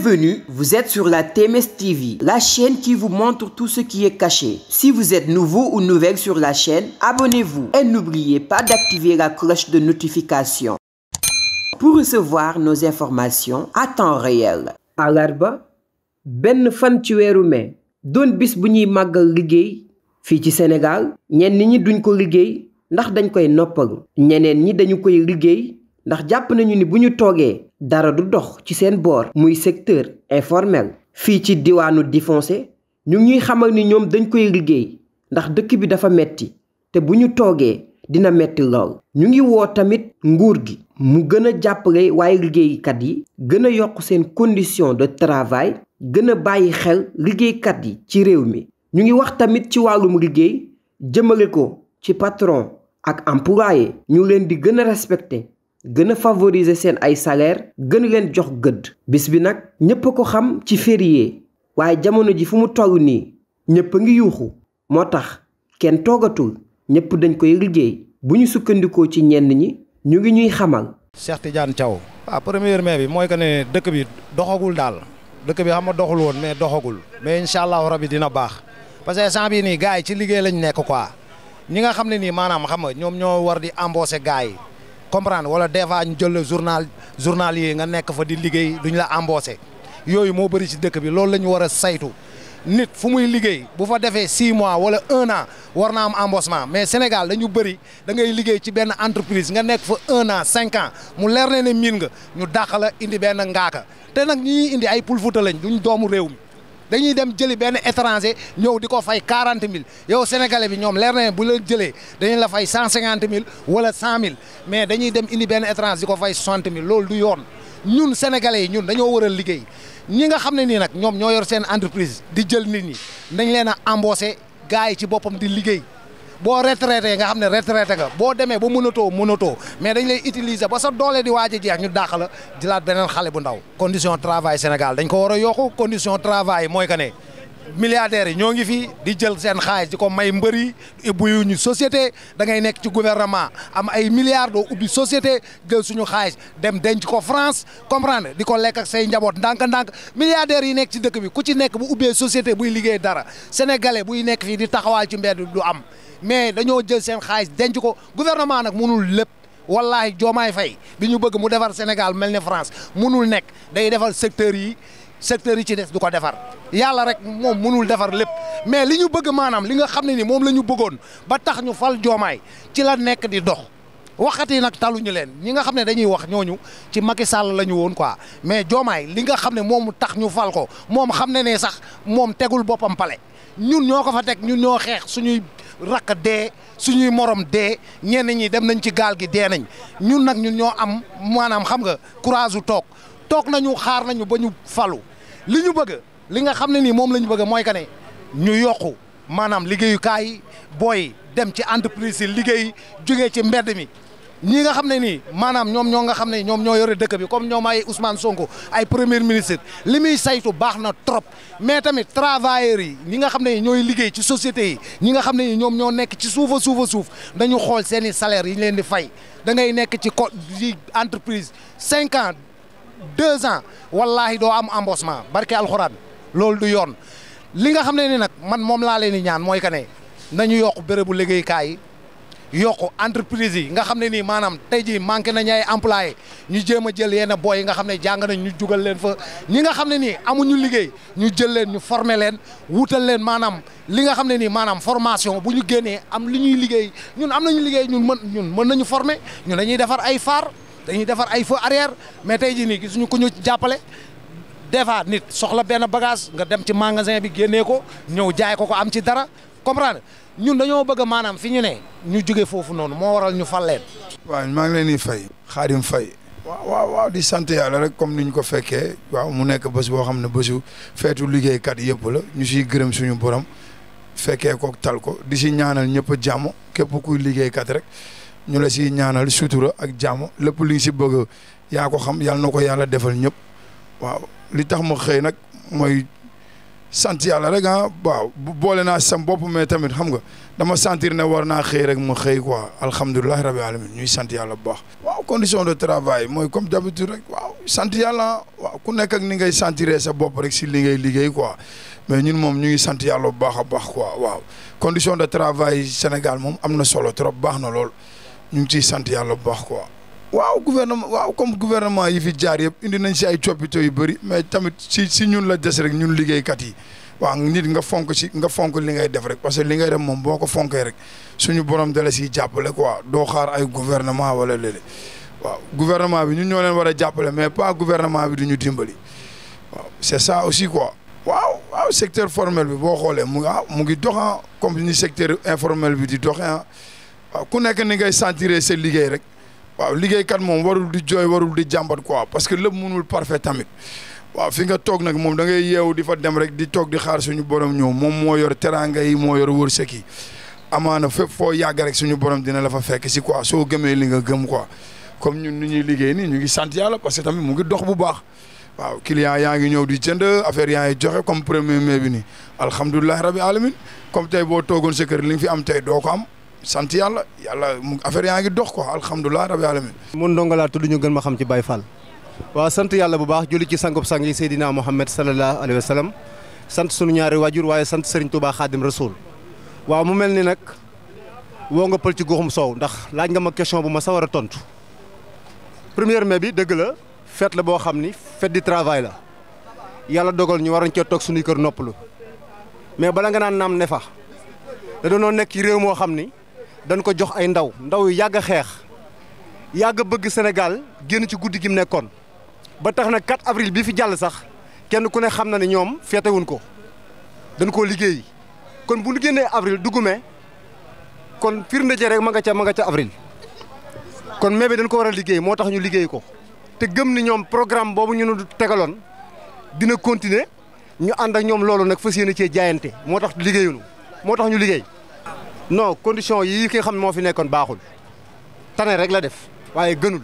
Bienvenue, vous êtes sur la TMS TV, la chaîne qui vous montre tout ce qui est caché. Si vous êtes nouveau ou nouvelle sur la chaîne, abonnez-vous et n'oubliez pas d'activer la cloche de notification pour recevoir nos informations à temps réel. alarba benn fan ci weeru mai doon bis bu ñuy màggal liggéey fii ci Sénégal ñenn ñi duñ ko liggéey ndax dañ koy noppalu ñeneen ñi dañu koy liggéey ndax jàpp nañu ni bu ñu toogee dara du dox ci seen boor muy secteur informel fii ci diwaanu Difonsé ñu ngi ñuy xamal ni ñoom dañ koy liggéey ndax dëkk bi dafa metti te bu ñu toogee dina metti lool ñu ngi woo tamit nguur gi mu gën a jàppale waaye liggéeykat yi gën a yokk seen condition de travail gën a bàyyi xel liggéeykat yi ci réew mi ñu ngi wax tamit ci wàllum liggéey jëmale ko ci patron ak employé ñu leen di gën a respecté gën a favoriser seen ay salaire gën leen jox gëdd bis bi nag ñépp a ko xam ci férié waaye jamono ji fu mu toll nii ñépp a ngi yuuxu moo tax kenn toogatul ñépp dañ koy liggéey bu ñu sukkandikoo ci ñenn ñi ñu ngi ñuy xamal Cheikh Tidiane Thiaw waaw ah, premier mai bi mooy que ne dëkk bi doxagul daal dëkk bi xam nga doxul woon mais doxagul mais incha allahu rabi dina baax parce que sant bi nii gars yi ci liggéey lañ nekk quoi ñi nga xam ne nii maanaam xam nga ñoom ñoo war di embaucher gars yi comprendre wala des fois ñu jël la journal journalier nga nekk fa di liggéey duñ la embauché yooyu moo bëri ci dëkk bi loolu la ñu war a saytu nit fu muy liggéey bu fa defee six mois wala un an war na am embauchement mais Sénégal dañu bëri dangay liggéey ci benn entreprise nga nekk fa un an cinq ans mu leer ne ne miin nga ñu dàq indi benn ngaaka te nag ñi indi ay pulfuta lañ duñ doomu réew mi. dañuy dem jëli benn étranger ñëw di ko fay quarante mille yow sénégalais bi ñoom leer na bu leen jëlee dañu la fay cent cinquante mille wala cent mille mais dañuy dem indi benn étranger di ko fay soixante mille loolu du yoon ñun sénégalais yi ñun dañoo war a liggéey ñi nga xam ne nii nag ñoom ñoo yor seen entreprise di jël nit ñi dañ leen a embauché gars yi ci boppam di liggéey. boo retraité nga xam ne retraité nga boo demee ba mënatoo mënatoo mais dañ lay utiliser ba sa doolee di waaj a jeex ñu dàq la jëlaat beneen xale bu ndaw. condition travail Sénégal dañ ko war a yokku condition travail mooy que ne. milliardaires yi ñoo ngi fii di jël seen xaalis di ko may mbëri ubbi ñu société da ngay nekk ci gouvernement am ay milliards doo ubbi société jël suñu xaalis dem denc ko France comprendre di ko lekk ak say njaboot ndànk-ndànk milliardaires yi nekk ci dëkk bi ku ci nekk bu ubbee société buy liggéey dara sénégalais buy nekk fii di taxawaal ci mbedd du am mais dañoo jël seen xaalis denc ko gouvernement nag mënul lépp. wallahi joomaay fay bi ñu bëgg mu defar Sénégal mel ne France munul nekk day defar secteur yi secteur yi ci des du ko defar yàlla rek moom mënul defar lépp mais li ñu bëgg maanaam li nga xam ne ni moom la ñu bëggoon ba tax ñu fal joomaay ci la nekk di dox waxati nag taluñu leen ñi nga xam ne dañuy wax ñooñu ci Macky Sall la ñu woon quoi mais joomaay li nga xam ne moom tax ñu fal ko moom xam ne ne sax moom tegul boppam pale ñun ñoo ko fa teg ñun ñoo xeex suñuy rakk dee suñuy morom dee ñenn ñi dem nañ ci gaal gi dee nañ ñun nag ñun ñoo am maanaam xam nga courage u toog toog nañu xaar nañu ba ñu falu li ñu bëgg li nga xam ne nii moom la ñu bëgg mooy que ne ñu yokku maanaam liggéeyukaay booy dem ci entreprise yi liggéey jógee ci mbedd mi ñii nga xam ne nii maanaam ñoom ñoo nga xam ne ñoom ñoo yore dëkk bi comme ñoom ay Ousmane Sonko ay premier ministre li muy saytu baax na trop mais tamit travailleurs yi ñi nga xam ne ñooy liggéey ci sociétés yi ñi nga xam ne ñoom ñoo nekk ci suufa suufa suuf dañu xool seen i salaires yi ñu leen di fay da nekk ci co entreprise cinq ans deux ans wallaahi doo am embossement barke alxuraan loolu du yoon li nga xam ne ni nag man moom laa leen di ñaan mooy que ne nañu yokk bérébu liggéeykaay yi yokk entreprise yi nga xam ne nii maanaam tey jii manqué nañ ay employé ñu jéem a jël yenn boy yi nga xam ne jàng nañ ñu jugal leen fa ñi nga xam ne nii amuñu liggéey ñu jël leen ñu former leen wutal leen maanaam li nga xam ne nii maanaam formation bu ñu génnee am li ñuy liggéey ñun am nañu liggéey ñun mën ñun mën nañu ñu ñun ñuy defar ay faar dañuy defar ay feu arrière mais tey jii nii gisuñu ku ñu jàppale des fois nit soxla benn bagage nga dem ci magasin bi génnee ko ñëw jaay ko ko am ci dara comprendre ñun dañoo bëgg maanaam fi ñu ne ñu jóge foofu noonu moo waral ñu fal waa waaw maa ngi leen di fay. Xaadim fay. waaw waaw waaw di sant yàlla rek comme ni ko fekkee waaw mu nekk bés boo xam ne bésu feetu liggéeykat yëpp la ñu siy gërëm suñu borom fekkee ko tal ko di si ñaanal ñëpp jàmm képp kuy liggéeykat rek. ñu la si ñaanal sutura ak jàmm lépp li si bëgg yaa ko xam yàlla na ko yàlla defal ñëpp waaw li tax ma xëy nag mooy sant yàlla rek ah waaw boole naa sam bopp mais tamit xam nga dama sentir ne war naa xëy rek ma xëy quoi alhamdulilah rabi alamin ñuy sant yàlla bu baax. waaw condition de travail mooy comme d'habitude rek waaw sant yàlla ah. waaw ku nekk ak ni ngay sentiree sa bopp rek si li ngay liggéey quoi mais ñun moom ñu ngi sant yàlla bu baax a baax quoi waaw condition de travail Sénégal moom am na solo trop baax na lool. ñu ngi ciy sant yàlla bu baax quoi. waaw gouvernement waaw comme gouvernement yi fi jaar yëpp indi nañ ay coppite yu bëri mais tamit si si ñun la des rek ñun liggéeykat yi waaw nit nga fonk si nga fonk li ngay def rek parce que li ngay def moom boo ko fonkee rek suñu borom dala siy jàppale quoi doo xaar ay gouvernement wala léeg waaw gouvernement bi ñun ñoo leen war a jàppale mais pas gouvernement bi du ñu dimbali waaw c'est ça aussi quoi. waaw waaw secteur formel bi boo xoolee mu ah mu ngi dox ah, comme ni secteur informel bi di dox ah. waaw ku nekk ni ngay sentir se liggéey rek waaw liggéeykat moom warul di jooy warul di jàmbat quoi parce que lépp mënul parfait tamit waaw fi nga toog nag moom da ngay yeewu di fa dem rek di toog di xaar suñu borom ñëw moom moo yor teraanga yi moo yor wërsëg amaan amaana fépp foo yàgg rek suñu borom dina lafa fekk si quoi soo gëmee li nga gëm quoi comme ñun ni ñuy liggéey nii ñu ngi sant yàlla parce que tamit mu ngi dox bu baax waaw client yaa ngi ñëw di jënd affaire yaa ngi joxe comme premier mai bi nii alhamdulilah rabi alamin comme tey boo toogoon sa li nga fi am tey doo ko am. sant yàlla yàlla mu affaire yaa ngi dox ko rab rabbi alamin mun ndongo laa tudd ñu gën ma xam ci bay Fall waaw sant yàlla bu baax julli ci sangub sang yi Seydina Muhammad sallallahu alayhi wa sallam sant sunu ñaari waajur waaye sant Serigne Touba Khadim Rasoul waaw mu mel ni nag woo nga pël ci goxum soow ndax laaj nga ma question bu ma sawar a tontu premier mais bi dëgg la fête la boo xam ni fête du travail la yàlla dogal ñu waroon cee toog suñuy kër noppalu mais bala nga naan naam ne fa da ci réew moo xam ni dañ ko jox ay ndaw ndaw yu yàgg xeex yàgg bëgg Sénégal génn ci guddi gi nekkoon ba tax na 4 avril bi fi jàll sax kenn ku ne xam na ne ñoom feetewuñ ko dañ koo liggéey kon bu ñu génnee avril dugume kon fir je rek ma nga ca ma nga ca avril kon mais bi dañ ko war a liggéey moo tax ñu liggéey ko te gëm ni ñoom programme boobu ñu nu tegaloon dina continuer ñu ànd ak ñoom loolu nag fas yéene cee jaayante moo tax liggéeyunu moo tax ñu liggéey non condition yii ki nga xam ne moo fi nekkoon baaxul tane rek la def waaye gënul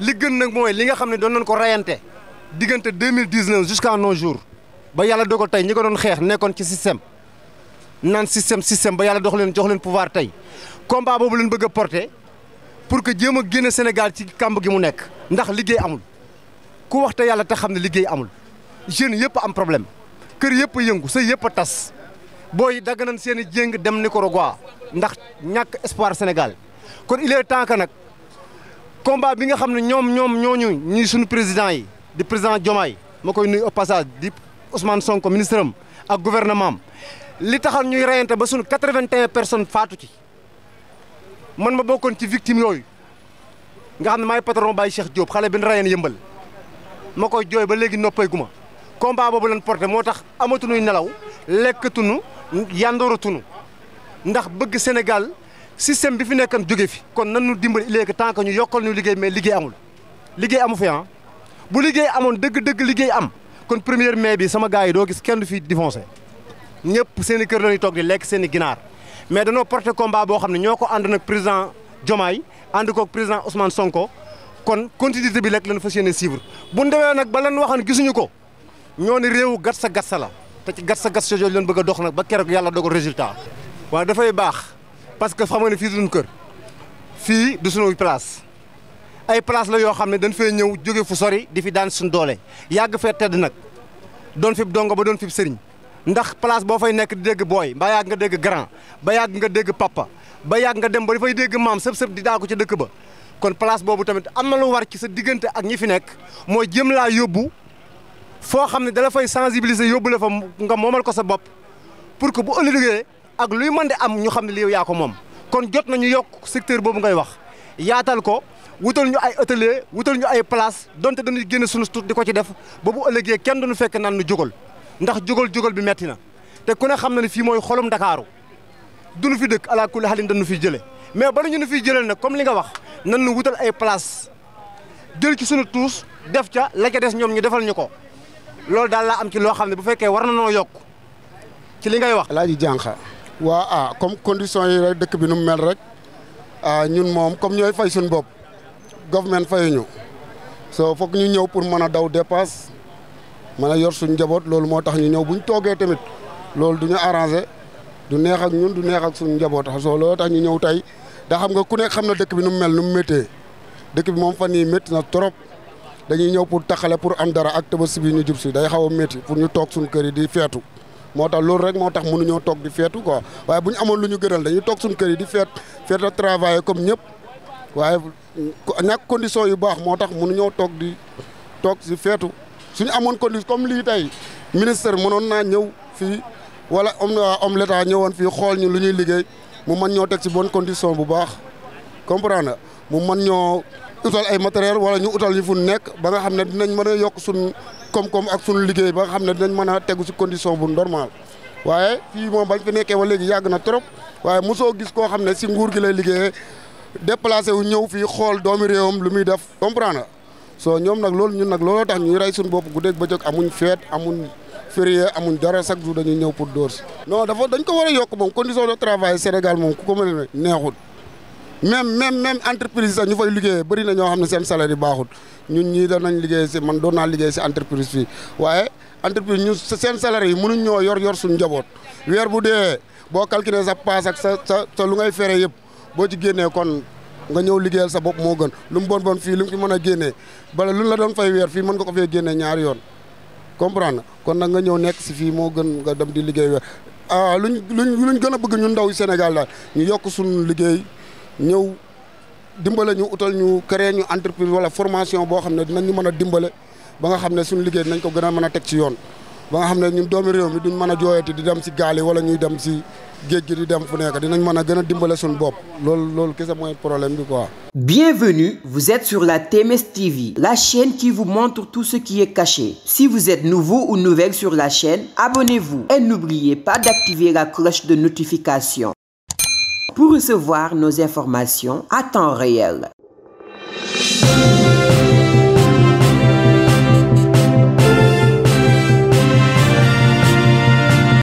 li gën nag mooy li nga xam ne doon nañ ko rayante diggante 2019 jusqu'à nos jours ba yàlla dogal tey ñi ko doon xeex nekkoon ci système nan système système ba yàlla dox leen jox leen pouvoir tey combat boobu leen bëgg a porter pour que jéem a génn Sénégal ci kàmb gi mu nekk ndax liggéey amul ku wax te yàlla te xam ne liggéey amul jeunes yëpp am problème kër yëpp yëngu sa yëpp a tas booy dagg nañ seen i jéng dem Nicaragua ndax ñàkk espoir Sénégal kon il est temps que nag combat bi nga xam ne ñoom ñoom ñooñu ñuy suñu président yi di président Diomaye ma koy nuyu au passage di Ousmane Sonko ministre am ak gouvernement am li taxal ñuy reyante ba suñu quatre-vingt-un personnes faatu ci man ma bokkoon ci victime yooyu nga xam ne maay patron Baye Cheikh Diop xale bi ñu reyeen yëmbal ma koy jooy ba léegi noppay guma combat boobu lañ porté moo tax amatuñuy nelaw lekkatuñu yandooratuñu ndax bëgg Sénégal système bi fi nekk nekkan jóge fi kon nan ñu dimbali léegi tant que ñu yokkal ñu liggéey mais liggéey amul liggéey amu fi ah bu liggéey amoon dëgg-dëgg liggéey am kon premier mai bi sama gars yi doo gis kenn du fi défoncé ñëpp seen i kër la ñuy toog di lekk seen i ginaar mais danoo porté combat boo xam ne ñoo ko ànd nag président Diomaye ànd ko président Ousmane Sonko kon continuité bi rek lañu fas yéene suivre bu ndewee demee nag ba lan waxoon gisuñu ko ñoo ni réewu gat sa la te ci gas sa gas sa leen bëgg a dox nag ba keroog yàlla dogal résultat waaw dafay baax parce que xam nga ne fii du suñu kër fii du suñu place ay place la yoo xam ne dañ fee ñëw jóge fu sori di fi daan suñu doole yàgg fee tedd nag doon fi dongo ba doon fi sëriñ ndax place boo fay nekk di dégg booy ba yàgg nga dégg grand ba yàgg nga dégg papa ba yàgg nga dem ba fay dégg maam sëb sëb di daa ko ca dëkk ba kon place boobu tamit am na lu war ci sa diggante ak ñi fi nekk mooy jëm laa yóbbu. foo xam ne dala fay sensibiliser yóbbu la fa nga moomal ko sa bopp pour que bu ëllëgee ak luy man di am ñu xam ne lii yaa ko moom. kon jot nañu yokk secteur boobu ngay wax yaatal ko wutal ñu ay atelier wutal ñu ay place donte dañuy génn suñu tut di ko ci def ba ëllëgee kenn duñu fekk naan nu jógal ndax jógal jógal bi metti na te ku ne xam na ne fii mooy xolum Ndakaaru duñu fi dëkk ala kulli xalin dañu fi jëlee mais bala ñu nu fiy jëlee nag comme li nga wax nan nu wutal ay place jël ci sunu tuus def ca la des ñoom ñu defal ñu ko. loolu daal laa am ci loo xam ne bu fekkee war na noo yokk ci li ngay wax. Alaaji Jànqa waa a ah, comme condition yi rek dëkk bi nu mu mel rek ah ñun moom comme ñooy fay suñu bopp government fayuñu soo foog ñu ñëw pour mën a daw dépasse mën a yor suñu njaboot loolu moo tax ñu ñëw bu ñu toogee tamit loolu du ñu arrangé du neex ak ñun du neex ak suñu njaboot soo loolu tax ñu ñëw tey daa xam nga ku nekk xam na dëkk bi nu mu mel nu mu méttee dëkk bi moom fan nii métti na trop. dañuy ñëw pour taxale pour am dara ak tabaski bi ñu jub si day xaw a métti pour ñu toog suñu kër yi di feetu moo tax loolu rek moo tax mënuñoo toog di feetu quoi waaye bu ñu amoon lu ñu gënal dañuy toog suñu kër yi di feet feet a travailler ñëpp waaye ñàkk condition yu baax moo tax mënuñoo toog di toog si feetu suñu amoon condition comme lii tey ministre mënoon naa ñëw fii wala homme l'État ñëwoon fii xool ñu lu ñuy liggéey mu mën ñoo teg si bonne condition bu baax comprendre mu mën ñoo utal ay matériel wala ñu utal ñu fu nekk ba nga xam ne dinañ mën a yokk suñ koom-koom ak suñ liggéey ba nga xam ne dinañ mën a tegu si condition bu normal waaye fii moom bañ fi nekkee ba léegi yàgg na trop waaye mosoo gis koo xam ne si nguur gi lay liggéeyee déplacé wu ñëw fii xool doomi réewam lu muy def comprendre soo ñoom nag loolu ñun nag looloo tax ñuy rey suñu bopp guddeeg bëccëg amuñ feet amuñ férié amuñ dara chaque jour dañuy ñëw pour dóor si non dafa dañ ko war yokk moom condition de travail Sénégal moom ku ko mën a même même même entreprise sax ñu fay liggéeyee bari na ñoo xam ne seen salaire yi baaxul ñu ñii nañ liggéey si man doon naa liggéey si entreprise fii waaye entreprise ñu seen salaire yi mënuñ ñoo yor yor suñu njaboot weer bu dee boo calculer sa paas ak sa sa sa lu ngay fere yëpp boo ci génnee kon nga ñëw liggéeyal sa bopp moo gën lu mu bon bon fii lu mu fi mën a génnee bala lu la doon fay weer fii mën nga ko fee génnee ñaari yoon comprendre kon nag nga ñëw nekk si fii moo gën nga dem di liggéey weer ah luñ luñ luñ gën a bëgg ñun ndaw Sénégal daal ñu yokk suñu liggéey ñëw dimbale ñu utal ñu créer ñu entreprise wala formation boo xam ne dinañ ñu mën a dimbale ba nga xam ne suñu liggéey dinañ ko gën a mën a teg ci yoon ba nga xam ne ñun doomi réew mi duñ mën a jooyati di dem si gaal wala ñuy dem si géej gi di dem fu nekk dinañ mën a gën a dimbale suñu bopp lool loolu kese mooy problème bi quoi. Bienvenue, vous êtes sur la TMS TV, la chaîne qui vous montre tout ce qui est caché. Si vous êtes nouveau ou nouvelle sur la chaîne, abonnez-vous et n'oubliez pas d'activer la de notification. pour recevoir nos informations à temps réel.